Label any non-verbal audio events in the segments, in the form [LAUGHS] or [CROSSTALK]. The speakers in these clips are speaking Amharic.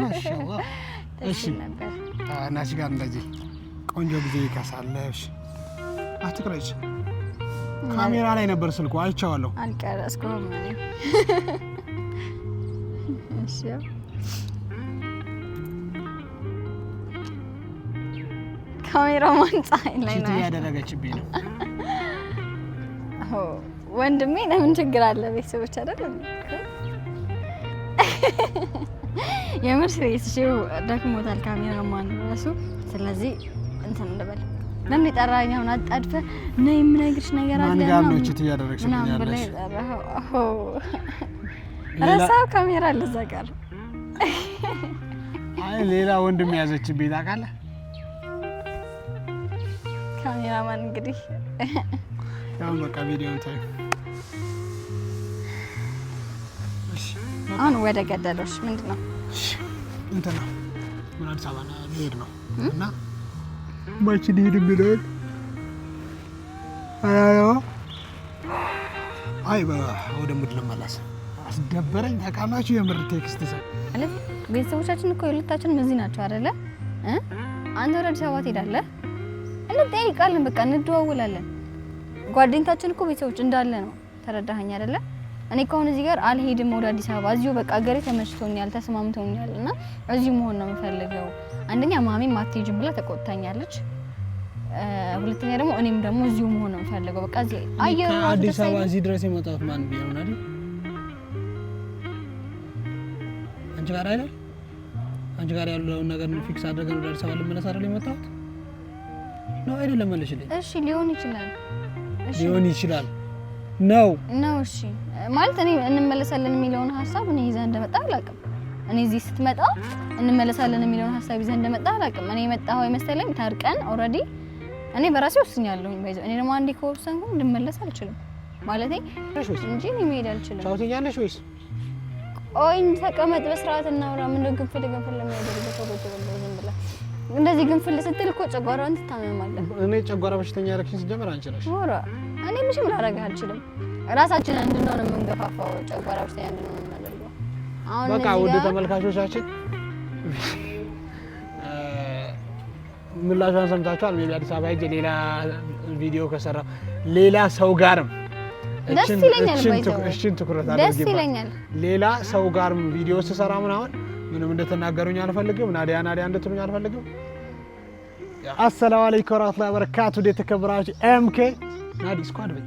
ማሻአላህ። [LAUGHS] እሺ እናትሽ ጋር እንደዚህ ቆንጆ ጊዜ ካሳለፍሽ አትቅረጭ። ካሜራ ላይ ነበር ስልኩ አይቼዋለሁ። አልቀረጽኩም። [LAUGHS] እሺ ካሜራው ፀሐይ ላይ ነው ያደረገችብኝ ነው። [LAUGHS] ወንድሜ ለምን ችግር አለ? ቤተሰቦች አይደለም የምር ቤት ሽው ደክሞታል ካሜራማን ራሱ። ስለዚህ እንትን እንበል ለምን የጠራኝ አሁን አጣድፈ እና የምነግርሽ ነገር አለ ማን ጋር ነው እቺ ትያደረግሽ ምን ያለሽ ረሳው ካሜራ ለዛ ጋር አይ ሌላ ወንድም ያዘች ቤት አቃለ ካሜራማን እንግዲህ ያው በቃ ቪዲዮ ታይ አሁን ወደ ገደሎች ምንድን ነው እንትና ወደ አዲስ አበባ ሊሄድ ነው እና ማች ሊሄድ የሚለውን አያዋ አይ ወደ ሙድ ልመለስ አስደበረኝ። የምር ቴክስት ሰ ቤተሰቦቻችን እኮ የሁለታችንም እዚህ ናቸው አይደለ? አንተ ወደ አዲስ አበባ ትሄዳለህ፣ በቃ እንደዋወላለን። ጓደኝታችን እኮ ቤተሰቦች እንዳለ ነው። ተረዳኸኝ አይደለ? እኔ ከሆነ እዚህ ጋር አልሄድም ወደ አዲስ አበባ፣ እዚሁ በቃ ሀገሬ ተመችቶኛል፣ ተስማምቶኛል እና እዚሁ መሆን ነው የምፈልገው። አንደኛ ማሜም አትሄጂም ብላ ተቆጥታኛለች። ሁለተኛ ደግሞ እኔም ደግሞ እዚሁ መሆን ነው የምፈልገው። በቃ እዚህ አየሩ አዲስ አበባ እዚህ ድረስ የመጣሁት ማን ቢሆን አይደል? አንቺ ጋር አይደል? አንቺ ጋር ያለውን ነገር ፊክስ አድርገን ወደ አዲስ አበባ ልመለስ አይደል የመጣሁት ነው አይደለም? መልሽልኝ። እሺ ሊሆን ይችላል፣ ሊሆን ይችላል ነው ነው። እሺ ማለት እኔ እንመለሳለን የሚለውን ሀሳብ እኔ ይዘህ እንደመጣ አላውቅም። እኔ እዚህ ስትመጣ እንመለሳለን የሚለውን ሀሳብ ይዘህ እንደመጣ አላውቅም። እኔ የመጣኸው የመሰለኝ ታርቀን ኦልሬዲ እኔ በራሴ ወስኛለሁ። እኔ ደግሞ አንዴ ከወሰንኩ እንድመለስ አልችልም ማለት እንጂ እኔ መሄድ አልችልም። ታውትኛለሽ ወይስ ቆይ ተቀመጥ፣ በስርዓት እናውራ። ነው ግንፍል ግንፍል ለሚያደርገው ሰው ቁጭ ብለው ዝም ብለህ እንደዚህ ግንፍል ስትል እኮ ጨጓራን ትታመማለህ። እኔ ጨጓራ በሽተኛ ያደረግሽኝ ስጀምር አንቺ ነሽ። ኧረ እኔ ምንም ላደርግህ አልችልም። ራሳችን እንድንሆን የምንገፋፋው ጨጓራ በሽተኛ እንድንሆን የምናደርገው። አሁን በቃ ውድ ተመልካቾቻችን ምላሿን ሰምታችኋል። ሜቢ አዲስ አበባ ሄጄ ሌላ ቪዲዮ ከሰራ ሌላ ሰው ጋርም እሽን ትኩረት ደስ ሌላ ሰው ጋርም ቪዲዮ ስሰራ ምናምን ምንም እንደተናገሩኝ አልፈልግም። ናዲያ ናዲያ እንድትሉኝ አልፈልግም። አሰላሙ አለይኩም ወራህመቱላሂ ወበረካቱ። የተከበራችሁ ኤምኬ ናዲ ስኳድ በይ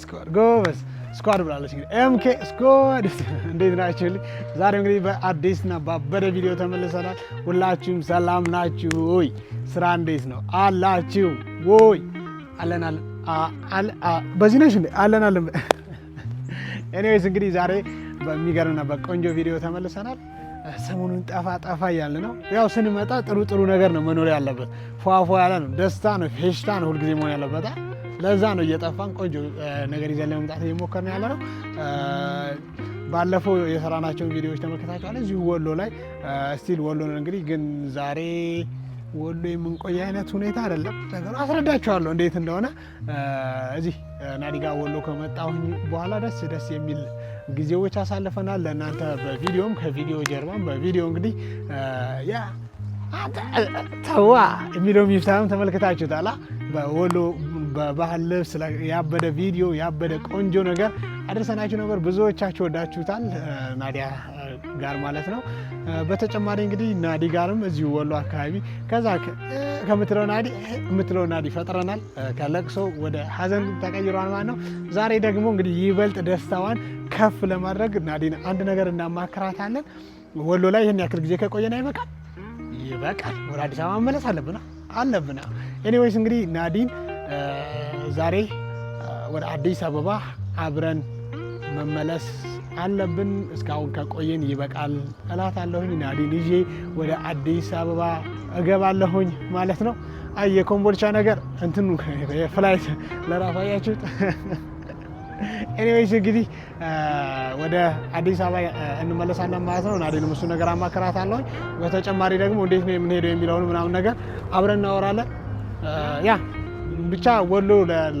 ስኳድ ጎበዝ ስኳድ ብላለች። እንግዲህ ኤምኬ ስኳድ [LAUGHS] እንዴት ናችሁልኝ? ዛሬ እንግዲህ በአዲስና ባበደ ቪዲዮ ተመልሰናል። ሁላችሁም ሰላም ናችሁ ወይ? ስራ እንዴት ነው አላችሁ ወይ? አለናል በዚህ ነሽ እንዴ አለናል። ኤኒዌይስ [LAUGHS] እንግዲህ ዛሬ በሚገርምና በቆንጆ ቪዲዮ ተመልሰናል። ሰሞኑን ጠፋ ጠፋ እያለ ነው። ያው ስንመጣ ጥሩ ጥሩ ነገር ነው መኖር ያለበት። ፏፏ ያለ ነው፣ ደስታ ነው፣ ፌሽታ ነው ሁልጊዜ መሆን ያለበታል ለዛ ነው እየጠፋን ቆንጆ ነገር ይዘን ለመምጣት እየሞከርን ያለ ነው። ባለፈው የሰራናቸውን ቪዲዮዎች ተመልክታችኋል። እዚሁ ወሎ ላይ ስቲል ወሎ ነው እንግዲህ ግን ዛሬ ወሎ የምንቆይ አይነት ሁኔታ አይደለም። ነገሩ አስረዳችኋለሁ እንዴት እንደሆነ። እዚህ ናዲጋ ወሎ ከመጣሁኝ በኋላ ደስ ደስ የሚል ጊዜዎች አሳልፈናል። ለእናንተ በቪዲዮም ከቪዲዮ ጀርባም በቪዲዮ እንግዲህ ያ ተዋ የሚለው ሚፍታህም ተመልክታችሁታላ በወሎ በባህል ልብስ ያበደ ቪዲዮ ያበደ ቆንጆ ነገር አድርሰናችሁ ነበር። ብዙዎቻችሁ ወዳችሁታል ናዲያ ጋር ማለት ነው። በተጨማሪ እንግዲህ ናዲ ጋርም እዚሁ ወሎ አካባቢ ከዛ ከምትለው ናዲ የምትለው ናዲ ፈጥረናል። ከለቅሶ ወደ ሀዘን ተቀይሯል ማለት ነው። ዛሬ ደግሞ እንግዲህ ይበልጥ ደስታዋን ከፍ ለማድረግ ናዲን አንድ ነገር እናማክራታለን። ወሎ ላይ ይህን ያክል ጊዜ ከቆየን አይበቃል፣ ይበቃል። ወደ አዲስ አበባ መመለስ አለብና አለብና ኤኒዌይስ እንግዲህ ናዲን ዛሬ ወደ አዲስ አበባ አብረን መመለስ አለብን። እስካሁን ከቆየን ይበቃል እላታለሁኝ። ናዲን ይዤ ወደ አዲስ አበባ እገባለሁኝ ማለት ነው። አይ የኮምቦልቻ ነገር እንትኑ የፍላይት ለራሱ አያችሁት። ኤኒዌይስ እንግዲህ ወደ አዲስ አበባ እንመለሳለን ማለት ነው። ናዲንም እሱ ነገር አማከራት አለሁኝ። በተጨማሪ ደግሞ እንዴት ነው የምንሄደው የሚለውን ምናምን ነገር አብረን እናወራለን ያ ብቻ ወሎ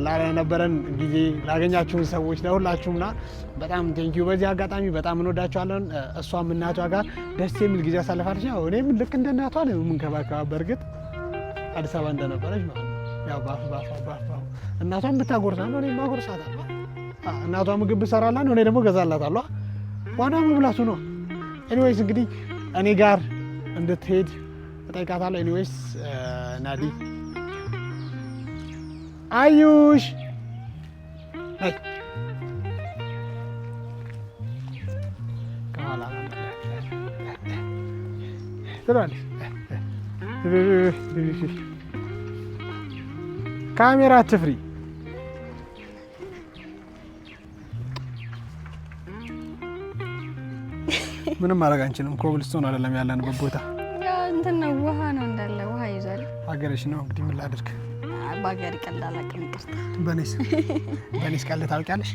ላለነበረን ጊዜ ላገኛችሁን ሰዎች ለሁላችሁምና በጣም ቴንኪዩ። በዚህ አጋጣሚ በጣም እንወዳቸዋለን። እሷም እናቷ ጋር ደስ የሚል ጊዜ አሳልፋለች። እኔም ልክ እንደ እናቷ ነው የምንከባከባ። በእርግጥ አዲስ አበባ እንደነበረች ማለት ነው። እናቷም ብታጎርሳ ነው እኔም አጎርሳታለሁ። እናቷ ምግብ ብሰራላት ነው እኔ ደግሞ ገዛላት አሏ። ዋናው መብላቱ ነው። ኤኒዌይስ እንግዲህ እኔ ጋር እንድትሄድ እጠይቃታለሁ። ኤኒዌይስ ናዲ አዩሽ ካሜራ ትፍሪ ምንም ማድረግ አንችልም። ኮብልስቶን አይደለም ያለንበት ቦታ እንትን ነው፣ ውሃ ነው እንዳለ ውሃ ይዟል። ሀገረሽ ነው እንግዲህ ምን ላድርግ? በሀገር ቀልድ አላውቅም፣ ይቅርታ። በኔስ በኔስ ቀልድ ታውቂያለሽ?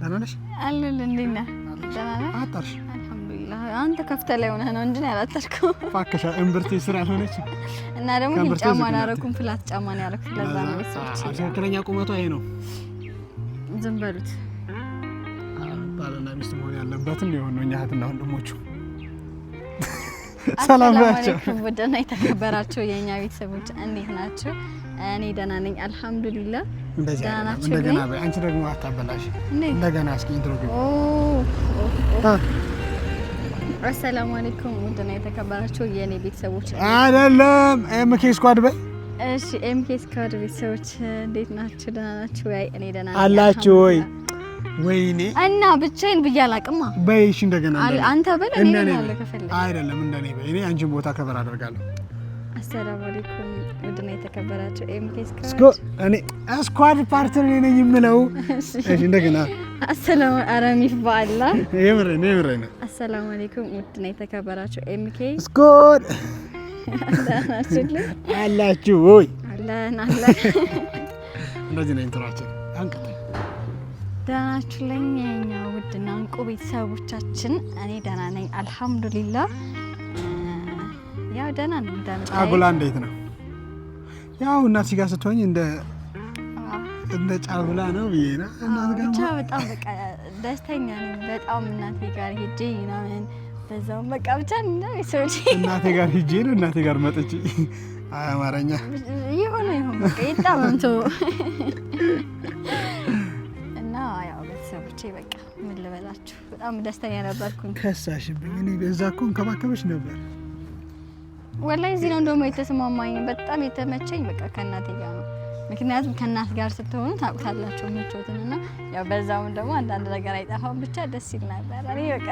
ደህና ነሽ? አለሁልህ። እንዴት ነህ? ደህና ነህ? አልሐምዱሊላህ። አንተ ከፍተህ ላይ ሆነህ ነው እንጂ ያላጠርከው። እባክሽ እምብርቴ ስላልሆነች እና ደግሞ ጫማ አላደረኩም፣ ፍላት ጫማ ነው ያደረኩት። ለዛ ነው ቤተሰቦች። ትክክለኛ ቁመቷ ይሄ ነው። ዝም በሉት። ባልና ሚስት መሆን ያለበትም የሆነው እኛ እህትና ወንድሞቹ ሰላም ናቸው። ውድና የተከበራችሁ የእኛ ቤተሰቦች እንዴት ናቸው? እኔ ደህና ነኝ አልሐምዱሊላ። እንደገና አንቺ ደግሞ አታበላሽ። እንደገና እስኪ ኢንትሮ አሰላሙ አለይኩም ውድና የተከበራችሁ የእኔ ቤተሰቦች አይደለም ኤምኬ ስኳድ በይ እሺ ኤምኬ ስኳድ ቤተሰቦች እንዴት ናችሁ? ደህና ናችሁ ያይ እኔ ደህና አላችሁ ወይ? ወይኔ እና ብቻዬን ብዬ አላቅማ። በይሽ እንደገና አንተ በል እኔ እላለሁ። ከፈለግሽ አይደለም እንደኔ በይ። እኔ አንቺን ቦታ ከበር አደርጋለሁ። አሰላሙ አለይኩም ውድና የተከበራችሁ ኤምኬስ ክራች እኔ ስኳድ ፓርትነር እኔ ነኝ የምለው። እሺ እንደገና አሰላሙ አረሚፍ ባላ የምሬ ነው የምሬ ነው። አሰላሙ አለይኩም ውድና የተከበራችሁ ኤምኬ ስኳድ አላችሁ ወይ? አለን አለን። እንደዚህ ነው ኢንትሮአችን ደህናችሁልኝ የኛ ውድና እንቁ ቤተሰቦቻችን፣ እኔ ደህና ነኝ አልሐምዱሊላ። ያው ደህና ነው። ጫጉላ እንዴት ነው? ያው እናት ሲጋ ስትሆኝ እንደ ጫጉላ ነው ብዬ ነው። ብቻ በጣም በቃ ደስተኛ ነኝ በጣም እናቴ ጋር ሄጄ ምናምን በዛውም በቃ ብቻ እናቴ ጋር ሄጄ ነው እናቴ ጋር መጥቼ አማርኛ የሆነ ይሁን በቃ ይጣመምቶ በቃ ምን ልበላችሁ በጣም ደስተኛ ነበርኩኝ። ከሳሽብኝ። እኔ በዛ እኮ እንከባከበች ነበር። ወላሂ እዚህ ነው እንደውም የተስማማኝ በጣም የተመቸኝ በቃ ከእናቴ ጋር ነው። ምክንያቱም ከእናት ጋር ስትሆኑ ታውቁታላችሁ ምቾትን እና ያው በዛውም ደግሞ አንዳንድ ነገር አይጠፋም። ብቻ ደስ ይል ነበር። እኔ በቃ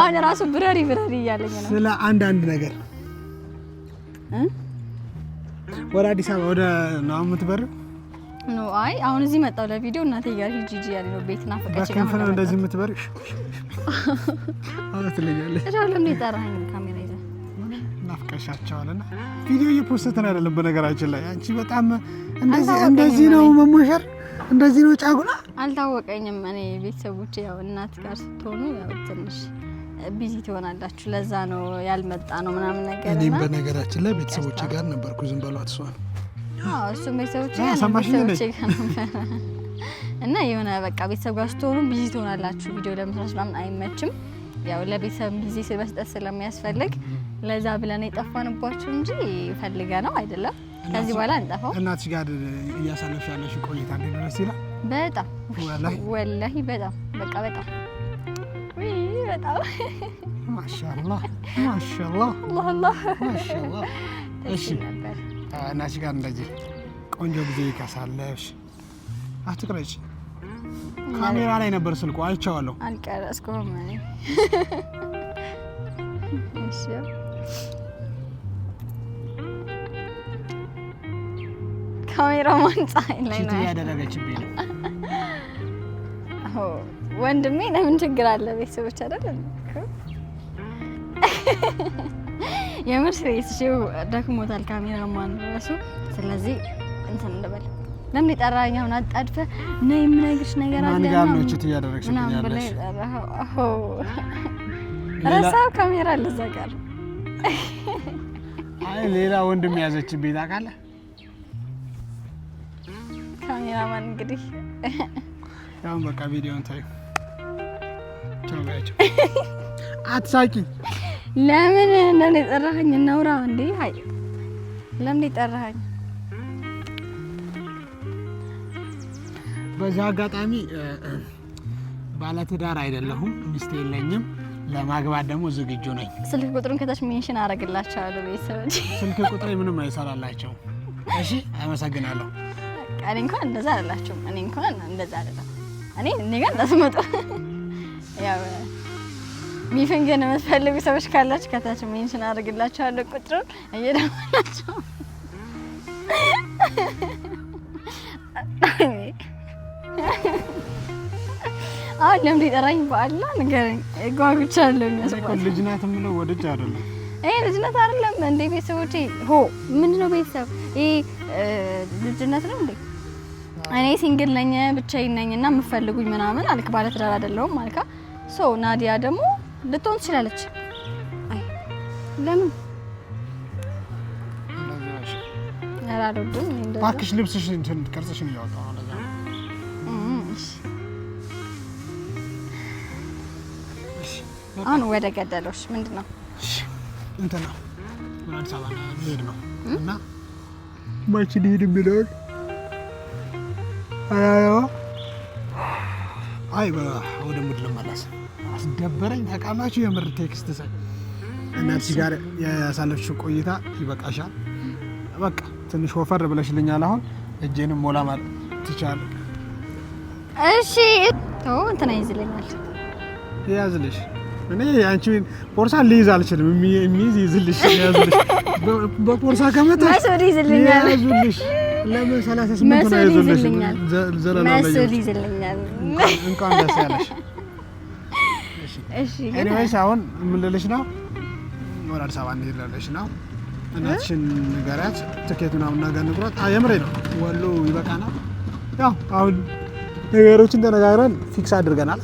አሁን ራሱ ብረሪ ብረሪ እያለኝ ነው ስለ አንዳንድ ነገር ወደ አዲስ አበባ ወደ ነው የምትበረው ኖ አይ አሁን እዚህ መጣው ለቪዲዮ እናቴ ጋር ጂጂ ያለው ያለ ነው ቤት ናፈቀች። ከንፈር ነው እንደዚህ የምትበር አሁን ትለኛለህ። እሻው ለምን የጠራኸኝ? ካሜራ ይዘህ ናፍቀሻቸዋልና ቪዲዮ እየፖስተትን አይደለም። በነገራችን ላይ አንቺ በጣም እንደዚህ እንደዚህ ነው መሞሸር፣ እንደዚህ ነው ጫጉላ። አልታወቀኝም። እኔ ቤተሰቦቼ ያው እናት ጋር ስትሆኑ ያው ትንሽ ቢዚ ትሆናላችሁ። ለዛ ነው ያልመጣ ነው ምናምን ነገር። እኔም በነገራችን ላይ ቤተሰቦቼ ጋር ነበርኩ። ዝም በሏት እሷን እሱም ቤተሰቦች እና የሆነ በቃ ቤተሰብ ጋር ስትሆኑ ቢዚ ትሆናላችሁ። ቪዲዮ ለመስራት ምናምን አይመችም። ያው ለቤተሰብ ጊዜ መስጠት ስለሚያስፈልግ ለዛ ብለን የጠፋንባችሁ እንጂ ፈልገ ነው አይደለም። ከዚህ በኋላ እንጠፋው። እናትሽ ጋር እያሳለፍሽ ያለሽ ቆይታ እንዴት ደስ ይላል። በጣም ወላሂ በጣም በቃ በጣም በጣም ማሻአላህ ማሻአላህ ማሻአላህ ማሻአላህ። እናች ጋር እንደዚህ ቆንጆ ጊዜ ይከሳለሽ። አትቅረጭ። ካሜራ ላይ ነበር ስልኩ፣ አይቼዋለሁ። አልቀረጽኩም። ካሜራማን ፀሐይ ላይ ነው ያደረገችብኝ። ወንድሜ ለምን ችግር አለ? ቤተሰቦች አይደለም የምር ስሬስ ሺው ደክሞታል ካሜራማን ራሱ። ስለዚህ እንትን ልበል ለምን የጠራኝ አሁን አጣድፈ ነይ የምነግርሽ ነገር አለ ነው እችት እያደረግሽ ረሳው ካሜራ ለዛ ጋር አይ ሌላ ወንድም የያዘችብኝ ታውቃለህ። ካሜራማን እንግዲህ ያው በቃ ቪዲዮን ታዩ አትሳቂ ለምን ለምን የጠራኸኝ? እናውራ እንዴ? አይ ለምን የጠራኸኝ? በዛ አጋጣሚ ባለትዳር አይደለሁም፣ ሚስት የለኝም፣ ለማግባት ደግሞ ዝግጁ ነኝ። ስልክ ቁጥሩን ከታች ሜንሽን አደርግላቸዋለሁ። ቤተሰቦች ስልክ ቁጥሬ ምንም አይሰራላቸውም። እሺ፣ አመሰግናለሁ። እኔ እንኳን እንደዛ አይደላችሁም። እኔ እንኳን እንደዛ አይደለም። እኔ እኔ ጋር እንዳትመጡ ያው ቢፍን ግን የምትፈልጉ ሰዎች ካላችሁ ከታች ሜንሽን አድርግላችኋለሁ ቁጥሩን እየደወላችሁ አሁን ለምን ይጠራኝ? በአላ ንገረኝ። ጓጉቻለሁ። የሚያስባል ልጅነት የምለው ወደጅ አይደለም። ይሄ ልጅነት አይደለም እንዴ ቤተሰቦቼ። ሆ ነው ቤተሰብ? ይሄ ልጅነት ነው እንዴ? እኔ ሲንግል ነኝ፣ ብቻዬን ነኝ እና የምፈልጉኝ ምናምን አልክ። ባለትዳር አይደለሁም አልካ። ሶ ናዲያ ደግሞ ልትሆን ትችላለች። አይ ለምን እባክሽ ልብስሽ እንትን ቅርጽሽን እያወጣሁ ነው። አሁን ወደ ገደለሽ ምንድን ነው እንትን ነው አዲስ አበባ ልሄድ ነው እና ማች ልሄድ የሚለውን አይ ወደ ሙድ ልመለስ። አስደበረኝ ተቃላችሁ። የምር ቴክስት ሰ እናትሽ ጋር ያሳለፍሽው ቆይታ ይበቃሻል። በቃ ትንሽ ወፈር ብለሽልኛል። አሁን እጄንም ሞላ ማለት ትቻለ። እሺ ተው እንትና ይዝልኛል፣ ያዝልሽ። እኔ አንቺ ቦርሳን ልይዝ አልችልም። የሚይዝ ይዝልሽ፣ ያዝልሽ። በቦርሳ ከመጣ ይዝልኛል፣ ያዝልሽ ለምን ሰላሳ ስምንት ነው ያዞልሽ? ዘላላ እንኳን ደስ ያለሽ። እሺ ኤኒዌይስ፣ አሁን ምን ልልሽ ነው፣ ወደ አዲስ አበባ እንሂድ ልልሽ ነው። እናትሽን ንገሪያት፣ ትኬት ምናምን ነገር ንግሯት። የምሬ ነው፣ ወሎ ይበቃናል። ያው አሁን ነገሮችን ተነጋግረን ፊክስ አድርገናል።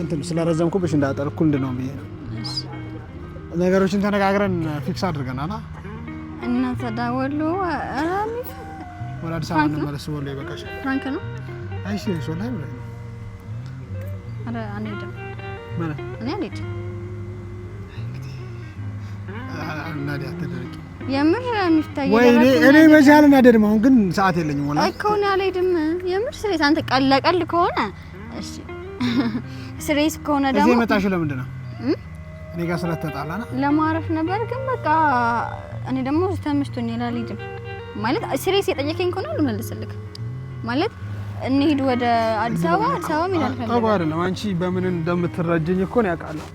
እንትን ስለረዘምኩብሽ እንዳጠር እንድነው ብዬ ነው። ነገሮችን ተነጋግረን ፊክስ አድርገናል። እናንተ ዳወሉ አራሚፍ ወደ አዲስ አበባ እንመለስ። ወሎ ይበቃሻል። ፍራንክ ነው። አይ ሲሪየስ ወላሂ ብለህ ነው። አንሄድም ማለት እኔ አልሄድም። የምር የሚፍታየ እኔ በዚህ አልናደድም። አሁን ግን ሰዓት የለኝም። ወላሂ እኮ እኔ አልሄድም። የምር ስሬት አንተ ቀለቀል ከሆነ እሺ፣ ስሬት ከሆነ ደግሞ እዚህ መጣሽ ለምንድን ነው እኔ ጋር ስለተጣላ ለማረፍ ነበር ግን በቃ እኔ ደግሞ ተመችቶኛል አልሄድም ማለት ሲሪየስ የጠየከኝ ከሆነ ልመልስልክ ማለት እንሂድ ወደ አዲስ አበባ አዲስ አበባ ምን አልፈልግም። አባ አይደለም አንቺ በምን እንደምትረጀኝ እኮ ነው ያውቃለሁ።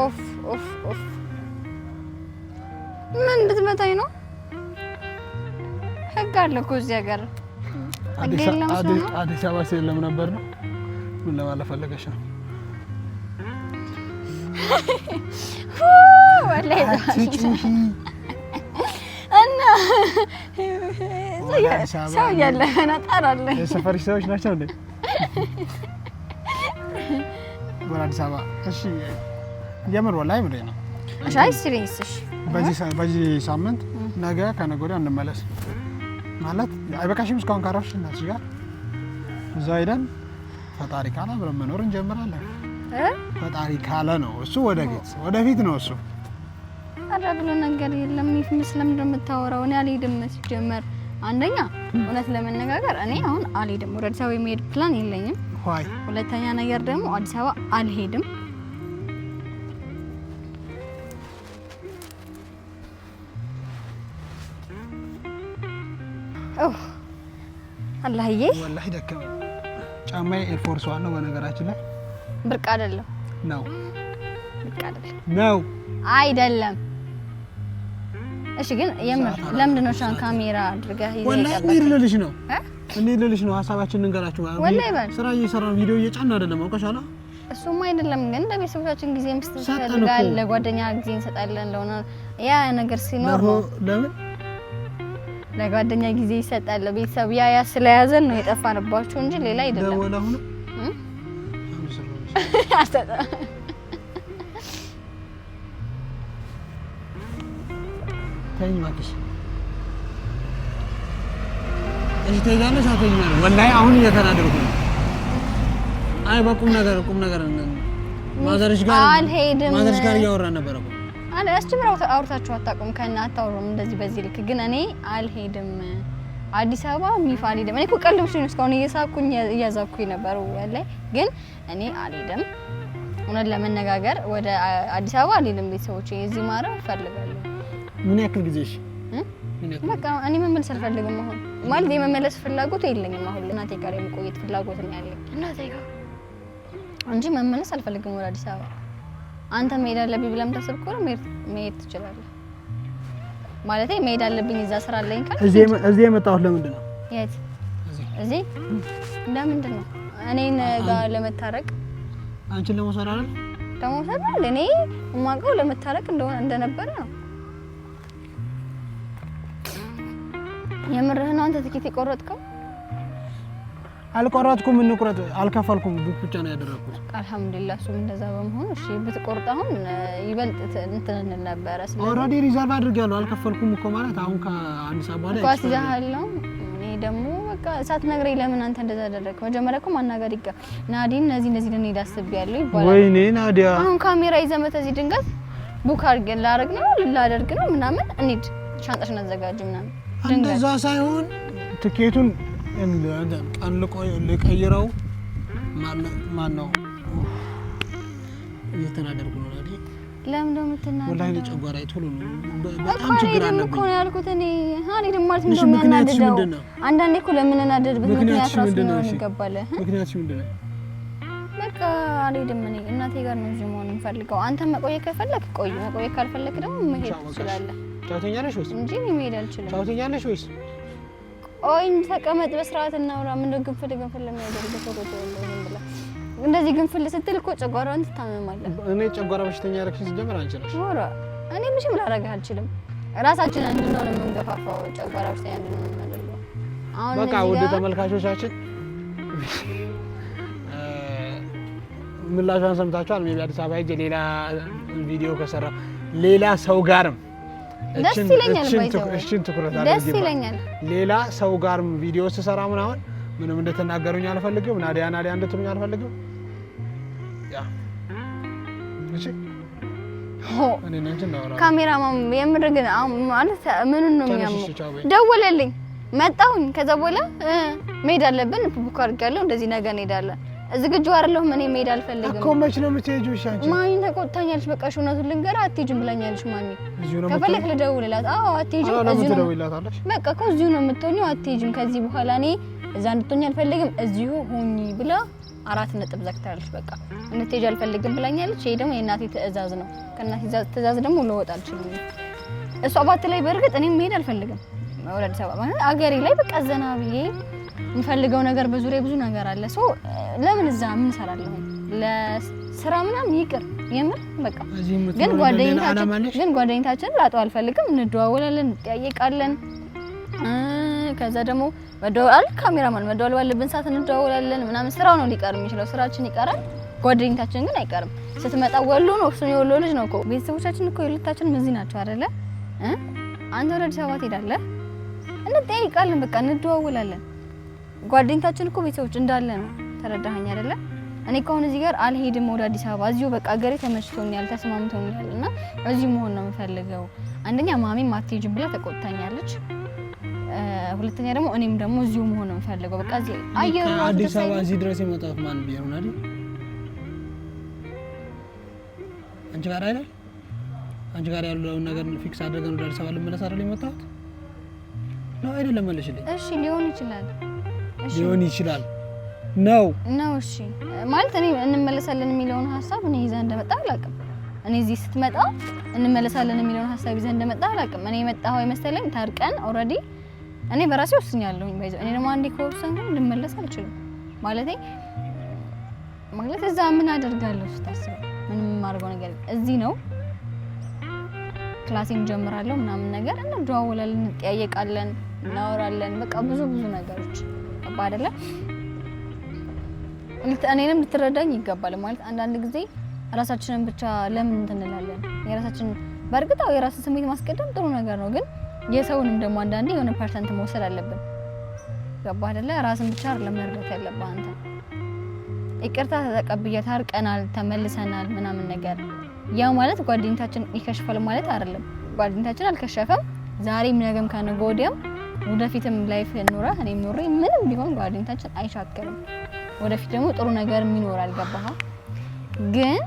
ኦፍ ኦፍ ኦፍ ምን እንድትመታኝ ነው? ህግ አለ እኮ እዚህ ሀገር አዲስ አበባ የለም ነበር ነው ምን ለማለት ፈለገሽ ነው? የሰፈር ሰዎች ናቸው እንዴ? አዲስ አበባ። የምር ነው። በዚህ ሳምንት ነገ ከነገ ወዲያ እንመለስ ማለት አይበቃሽም? እስካሁን ካረፍሽ እናትሽ ጋር እዛ ሄደን ፈጣሪ ካለ ብለን መኖር እንጀምራለን። ፈጣሪ ካለ ነው እሱ፣ ወደፊት ወደፊት ነው እሱ ቀረ ብሎ ነገር የለም። ይፍምስ ለምንድን ነው የምታወራው? እኔ አልሄድም። ሲጀመር አንደኛ እውነት ለመነጋገር እኔ አሁን አልሄድም። ወደ አዲስ አበባ የሚሄድ ፕላን የለኝም። ሁለተኛ ነገር ደግሞ አዲስ አበባ አልሄድም። አላህዬ ወላሂ ደከመኝ። ጫማዬ ኤርፎርስ ዋን ነው። በነገራችን ላይ ብርቅ አይደለም ነው ብርቅ አይደለም ነው አይደለም እሺ ግን የምር ለምንድን ነው ሻን ካሜራ አድርገህ ይዘህ ወላሂ እኔ ልልሽ ነው እኔ ልልሽ ነው ሀሳባችንን እንገራችሁ ስራ እየሰራን ቪዲዮ እየጫን አይደለም አውቀሻላ እሱም አይደለም ግን ለቤተሰቦቻችን ጊዜ እንሰጣለን ለጓደኛ ጊዜ እንሰጣለን ለሆነ ያ ነገር ሲኖር ለምን ለጓደኛ ጊዜ ይሰጣል ለቤተሰብ ያ ያ ስለያዘን ነው የጠፋንባችሁ እንጂ ሌላ አይደለም ተኝ እባክሽ እሺ ትሄጃለሽ አትሄጂም ወላሂ አሁን እየተናደድኩ ነው አይ በቁም ነገር ቁም ነገር ማዘርሽ ጋር አልሄድም ማዘርሽ ጋር እያወራን ነበረ እኮ አለ አስጀምረው አውርታችሁ አታውቁም ከእነ አታወሩም እንደዚህ በዚህ ልክ ግን እኔ አልሄድም አዲስ አበባ ሚፋ አልሄድም እኔ እኮ ቀልብሽ እስካሁን እየሳኩኝ እያዛኩኝ ነበር ወላሂ ግን እኔ አልሄድም እውነት ለመነጋገር ወደ አዲስ አበባ አልሄድም ቤተሰቦቼ እዚህ ማረፍ እፈልጋለሁ ምን ያክል ጊዜሽ? በቃ እኔ መመለስ አልፈልግም። አሁን ማለት የመመለስ ፍላጎት የለኝም። አሁን እናቴ ጋር የመቆየት ፍላጎት ነው ያለኝ እናቴ ጋር እንጂ መመለስ አልፈልግም ወደ አዲስ አበባ። አንተ መሄድ አለብኝ ብለህ የምታስብ ከሆነ መሄድ ትችላለህ። ማለቴ መሄድ አለብኝ እዛ ስራ አለኝ ካልክ እዚህ የመጣሁት ለምንድን ነው? የት እዚህ ለምንድን ነው? እኔን ጋር ለመታረቅ አንቺን ለመውሰድ አይደል? ለመውሰድ አይደል? እኔ የማውቀው ለመታረቅ እንደሆነ እንደነበረ ነው የምርህ ነው አንተ ትኬት የቆረጥከው? አልቆረጥኩም። እንቁረጥ አልከፈልኩም። ቡክ ብቻ ነው ያደረኩት። አልሐምዱሊላህ። እሱም እንደዛ በመሆኑ እሺ፣ ብትቆርጥ አሁን ይበልጥ እንትን እንል ነበረ። ኦልሬዲ ሪዘርቭ አድርጌያለሁ። አልከፈልኩም እኮ ማለት አሁን ከአንድ ሰዓት በኋላ ኳስ ይዛሃለው። እኔ ደግሞ በቃ እሳት ነግረኝ። ለምን አንተ እንደዛ አደረግክ? መጀመሪያ እኮ ማናገር ይጋ ናዲ እነዚህ እንደዚህ ልንሄድ አስቤያለሁ ይባላል። ወይኔ ናዲያ፣ አሁን ካሜራ ይዘመተ እዚህ ድንገት ቡክ አድርገን ላደርግ ነው ልላደርግ ነው ምናምን እንሂድ፣ ሻንጣሽን አዘጋጅ ምናምን እንደዛ ሳይሆን ትኬቱን ቀልቆ ልቀይረው። ማነው እየተናደርኩ ነው። ለምን የምትናደደው? ጨጓራዬ ቶሎ በጣም ችግር አለብኝ ያልኩት እኔ እኔ ምንድን ነው አንዳንዴ እኮ ለምንናደድበት ምክንያት ራሱ ሊሆን ይገባል። ምክንያትሽ ምንድን ነው? በቃ አልሄድም። እኔ እናቴ ጋር ነው እዚህ መሆን የምፈልገው። አንተ መቆየት ከፈለክ ቆይ፣ መቆየት ካልፈለክ ደግሞ መሄድ ትችላለህ። ጫውተኛ ነሽ ወይስ እንጂ እኔ መሄድ አልችልም። ጫውተኛ ነሽ ወይስ ቆይ ተቀመጥ፣ በስርዓት እናውራ። ምንድን ነው ግንፍል ግንፍል ለሚያደርገው ሰው እንደዚህ ግንፍል ስትል እኮ ጨጓራውን ትታመማለህ። እኔ ጨጓራ በሽተኛ ያደረግሽኝ ስጀምር አንቺ ነሽ። ወራ እኔ ምንም ላደርግህ አልችልም። ራሳችን እንድንሆን የምንገፋፋው ጨጓራ በሽተኛ እንድንሆን በቃ ውድ ተመልካቾቻችን ምላሿን ሰምታችኋል። ሜቢ አዲስ አበባ ሄጄ ሌላ ቪዲዮ ከሰራ ሌላ ሰው ጋርም ደስ እችን ትኩረት ደስ ሌላ ሰው ጋር ቪዲዮ ስሰራ ምናምን ምንም እንደተናገሩኝ አልፈልግም። ናዲያ ናዲያ እንድትሉኝ አልፈልግም። ካሜራማም የምር ግን ማለት ምኑን ነው የሚያምሩ። ደወለልኝ መጣሁኝ። ከዛ በኋላ መሄድ አለብን ቡክ አድርጌያለሁ። እንደዚህ ነገ እንሄዳለን ዝግጁ አይደለሁም። እኔ መሄድ አልፈልግም እኮ። መች ነው የምትሄጂው? እሺ አንቺ ማሚ ተቆጥታኛለች። በቃ እውነቱን ልንገርህ፣ አትሄጂም ብላኛለች ማሚ። ከፈለክ ልደውልላት። አዎ አትሄጂም። እዚሁ ነው በቃ እኮ እዚሁ ነው የምትሆኚው። አትሄጂም ከዚህ በኋላ እኔ እዛ እንድትሆኚ አልፈልግም፣ እዚሁ ሆኚ ብላ አራት ነጥብ ዘግታለች። በቃ እንድትሄጂ አልፈልግም ብላኛለች። ይሄ ደግሞ የእናቴ ትዕዛዝ ነው። ከእናቴ ትዕዛዝ ደግሞ ልወጣ አልችልም። እሷ ባት በእርግጥ እኔም መሄድ አልፈልግም ወደ አዲስ አበባ አገሬ ላይ በቃ ዘና ብዬ የምፈልገው ነገር በዙሪያ ብዙ ነገር አለ። ሶ ለምን እዛ ምን እሰራለሁ? ለስራ ምናምን ይቅር የምር በቃ። ግን ጓደኝታችን ግን ጓደኝታችን ላጠው አልፈልግም። እንደዋወላለን፣ እንጠያየቃለን። ከዛ ደግሞ መደዋል ካሜራማን መደዋል ባለብን ሰዓት እንደዋወላለን ምናምን። ስራው ነው ሊቀር የሚችለው፣ ስራችን ይቀራል። ጓደኝታችን ግን አይቀርም። ስትመጣ ወሎ ነው እሱ የወሎ ልጅ ነው እኮ። ቤተሰቦቻችን እኮ የሁለታችንም እዚህ ናቸው አይደለ? አንተ ወደ አዲስ አበባ ትሄዳለህ፣ እንጠያይቃለን፣ በቃ እንደዋወላለን ጓደኝታችን እኮ ቤተሰቦች እንዳለ ነው። ተረዳኸኝ አይደለ? እኔ ከሆነ እዚህ ጋር አልሄድም ወደ አዲስ አበባ፣ እዚሁ በቃ ሀገሬ ተመችቶኛል፣ ተስማምቶኛል እና እዚሁ መሆን ነው የምፈልገው። አንደኛ ማሚም አትሄጂም ብላ ተቆጥታኛለች። ሁለተኛ ደግሞ እኔም ደግሞ እዚሁ መሆን ነው የምፈልገው። በቃ እዚህ አየሩ አዲስ አበባ እዚህ ድረስ የመጣሁት ማን ብዬሽ ነው አንቺ ጋር አይደል? አንቺ ጋር ያለውን ነገር ፊክስ አድርገን ወደ አዲስ አበባ ልመለስ አይደል የመጣሁት ነው አይደል? መለሽልኝ። እሺ ሊሆን ይችላል ሊሆን ይችላል ነው ነው። እሺ ማለት እኔ እንመለሳለን የሚለውን ሀሳብ እኔ ይዛ እንደመጣ አላውቅም። እኔ እዚህ ስትመጣ እንመለሳለን የሚለውን ሀሳብ ይዛ እንደመጣ አላውቅም። እኔ የመጣኸው አይመስለኝ ታርቀን ኦልሬዲ እኔ በራሴ ወስኛለሁ። ባይዘው እኔ ደግሞ አንዴ ከወሰንኩ እንድመለስ አልችልም ማለት ማለት እዛ ምን አደርጋለሁ ስታስብ ምንም የማደርገው ነገር እዚህ ነው። ክላሴን ጀምራለሁ ምናምን ነገር እንደዋወላለን፣ እንጠያየቃለን፣ እናወራለን። በቃ ብዙ ብዙ ነገሮች ገባ አይደለም። እኔንም ልትረዳኝ ይገባል ማለት አንዳንድ ጊዜ ራሳችንን ብቻ ለምን እንትን እንላለን። የራሳችን ስሜት ማስቀደም ጥሩ ነገር ነው፣ ግን የሰውንም ደግሞ አንዳንዴ የሆነ ፐርሰንት መውሰድ አለብን። ገባ አይደለ? ራስን ብቻ ያለብህ አንተ። ይቅርታ ተቀብዬ ታርቀናል፣ ተመልሰናል ምናምን ነገር ማለት ጓደኝታችን ይከሽፋል ማለት አይደለም። ጓደኝታችን አልከሸፈም። ዛሬም ነገም ከነገ ወዲያም ወደፊትም ላይፍ ኖረህ እኔም ኖሬ ምንም ቢሆን ጓደኝታችን አይሻከርም። ወደፊት ደግሞ ጥሩ ነገር የሚኖር አልገባህ። ግን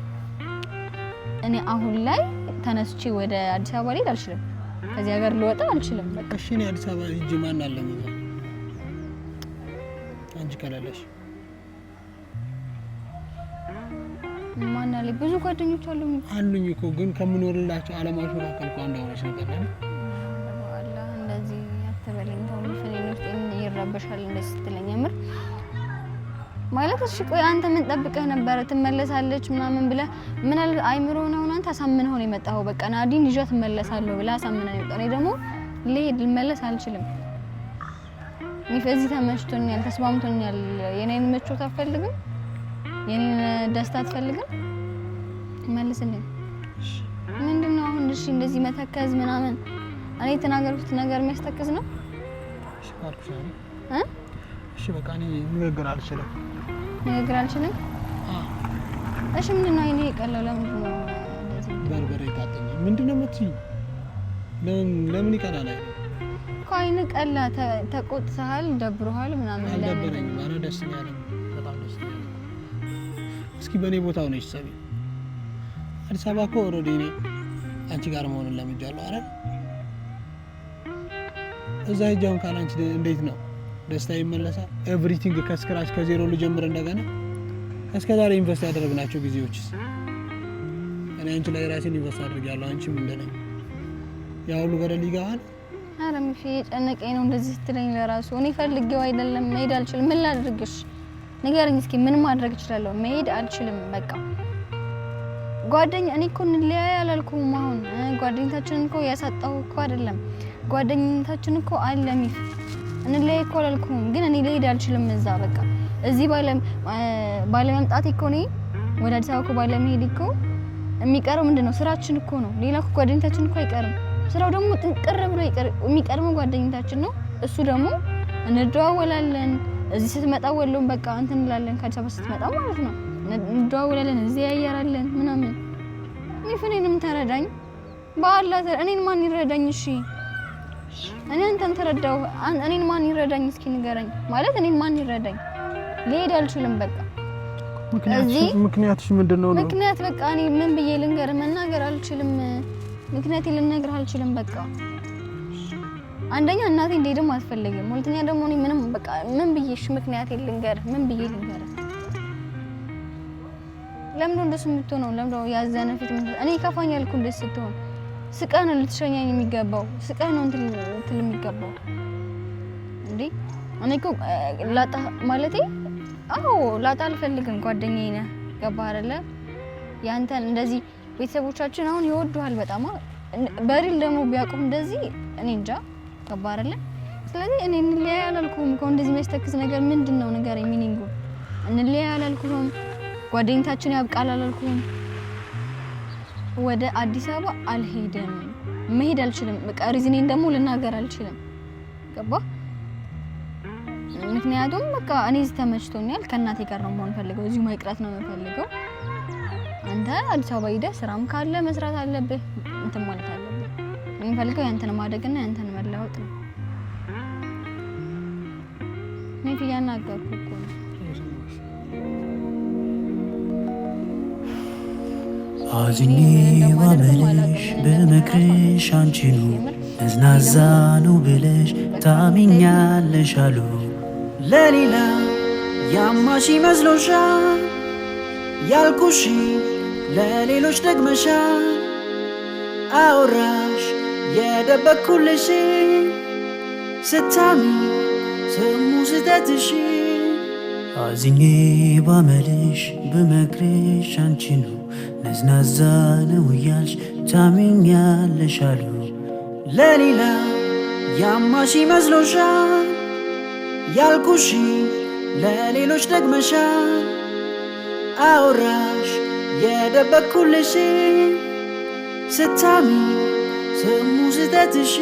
እኔ አሁን ላይ ተነስቼ ወደ አዲስ አበባ ልሄድ አልችልም። ከዚህ ሀገር ልወጣ አልችልም። በቃ እሺ፣ እኔ አዲስ አበባ ሂጅ ማን አለኝ? አንቺ ካላለሽ ማን አለኝ? ብዙ ጓደኞች አሉኝ አሉኝ እኮ ግን ከምኖርላቸው አለማዎች መካከል እኮ አንድ ሆነች ነገር ትረበሻል እንደዚህ ስትለኝ የምር ማለት እሺ ቆይ አንተ ምን ጠብቀህ ነበረ? ትመለሳለች ምናምን ብለህ ምን አለ አይምሮ ነው አንተ አሳምነህ ነው የመጣኸው። በቃ ናዲን ይዣ ትመለሳለሁ ብለህ አሳምነህ ነው የመጣኸው። እኔ ደግሞ ልሄድ ልመለስ አልችልም። እዚህ ተመችቶኛል፣ ተስማምቶኛል። የኔን ምቾት አትፈልግም? የኔን ደስታ አትፈልግም? መልስልኝ። ምንድን ነው አሁን? እሺ እንደዚህ መተከዝ ምናምን እኔ የተናገርኩት ነገር የሚያስተክዝ ነው። እሺ እሺ በቃ እኔ ንግግር አልችልም። ንግግር አልችልም። እሺ ምንድን ነው አይኔ የቀለው? ለምንድን ነው በርበሬ ታጠኝ? ምንድን ነው የምትይኝ? ለምን ይቀላል? አይ እኮ አይን ቀላ። ተቆጥተሃል፣ ደብሮሃል ምናምን። አልደበረኝም። ኧረ ደስ ነው በጣም ደስ ነው እስኪ በእኔ ቦታ ሆነሽ ሰቢ። አዲስ አበባ እኮ ኦልሬዲ እኔ አንቺ ጋር መሆኑን ለምጃለሁ። አረ እዛ ሂጅ አሁን ካላንቺ እንዴት ነው ደስታ ይመለሳል። ኤቭሪቲንግ ከስክራች ከዜሮ ልጀምር እንደገና። እስከ ዛሬ ኢንቨስት ያደረግናቸው ጊዜዎች እኔ አንቺ ላይ ራሴን ኢንቨስት አድርጊያለሁ። አንቺ ምንድን ነኝ? ያ ሁሉ በደል ይገባል። ኧረ ምሽ የጨነቀኝ ነው እንደዚህ ስትለኝ ለራሱ እኔ ፈልጌው አይደለም። መሄድ አልችልም። ምን ላድርግሽ? ንገረኝ እስኪ ምን ማድረግ እችላለሁ? መሄድ አልችልም በቃ ጓደኛ እኔ እኮ እንለያይ አላልኩም። አሁን ጓደኝታችን እኮ ያሳጣሁ እኮ አይደለም። ጓደኝነታችን እኮ አለሚፍ እንለያይ እኮ አላልኩም፣ ግን እኔ ልሄድ አልችልም። እዛ በቃ እዚህ ባለመምጣቴ እኮ እኔ ወደ አዲስ አበባ እኮ ባለመሄድ እኮ የሚቀረው ምንድን ነው? ስራችን እኮ ነው። ሌላ እኮ ጓደኝታችን እኮ አይቀርም። ስራው ደግሞ ጥንቅር ብሎ የሚቀርመው ጓደኝታችን ነው። እሱ ደግሞ እንደዋወላለን። እዚህ ስትመጣ ወሎም በቃ እንትን እንላለን። ከአዲስ አበባ ስትመጣ ማለት ነው እንደዋወላለን፣ እዚህ ያያራለን ምናምን። እኔ ፍኔንም ተረዳኝ በአላ እኔን ማን ይረዳኝ? እሺ እኔ አንተን ተረዳሁ። እኔን ማን ይረዳኝ? እስኪ ንገረኝ። ማለት እኔን ማን ይረዳኝ? ልሄድ አልችልም። በቃ ምክንያትሽ ምንድን ነው? ምክንያት በቃ እኔ ምን ብዬ ልንገር? መናገር አልችልም። ምክንያት ልነግርህ አልችልም። በቃ አንደኛ እናቴ እንድሄድም አትፈልግም። ሁለተኛ ደግሞ እኔ ምንም በቃ ምን ብዬሽ ምክንያት ልንገርህ? ምን ብዬ ልንገርህ? ለምን ነው እንደሱ የምትሆነው? ለምንድን ያዘነ ፊት? እኔ ይከፋኛል እኮ እንደሱ ስትሆን ስቀህ ነው ልትሸኛኝ የሚገባው። ስቀህ ነው እንትን የሚገባው እንዴ። እኔ እኮ ላጣ ማለቴ አዎ ላጣ አልፈልግም። ጓደኛዬ ነህ፣ ገባህ አይደለ? ያንተን እንደዚህ ቤተሰቦቻችን አሁን ይወዱሃል በጣም በሪል ደግሞ ቢያውቁህ እንደዚህ እኔ እንጃ፣ ገባህ አይደለ? ስለዚህ እኔ እንለያይ አላልኩህም እኮ እንደዚህ የሚያስተክስ ነገር ምንድን ነው? ንገረኝ፣ ሚኒንጉ እንለያይ አላልኩህም። ጓደኝታችን ያብቃል አላልኩህም። ወደ አዲስ አበባ አልሄድም፣ መሄድ አልችልም። በቃ ሪዝኔን ደግሞ ልናገር አልችልም። ገባ? ምክንያቱም በቃ እኔ እዚህ ተመችቶኛል። ከእናቴ ጋር ነው መሆን ፈልገው፣ እዚሁ መቅረት ነው የምፈልገው። አንተ አዲስ አበባ ሂደህ ስራም ካለ መስራት አለብህ፣ እንትን ማለት አለብህ። እኔ ፈልገው ያንተን ማደግና ያንተን መለወጥ ነው። እኔ እያናገርኩ እኮ ነው አዝኜ ማመንሽ በመክርሽ አንቺኑ ነዝናዛ ነው ብለሽ ታሚኛለሽ አሉ ለሌላ ያማሽ ይመስሎሻ ያልኩሽ ለሌሎች ደግመሻ አውራሽ የደበኩልሽ ስታሚ ስሙ ስተትሽ አዝኜ ባመልሽ ብመክርሽ አንቺኑ ነዝናዛ ነው እያልሽ ታምኛለሽ አሉ ለሌላ ያማሽ መስሎሻ ያልኩሽ ለሌሎች ደግመሻል አውራሽ የደበኩልሽ ስታሚ ስሙ ስተትሽ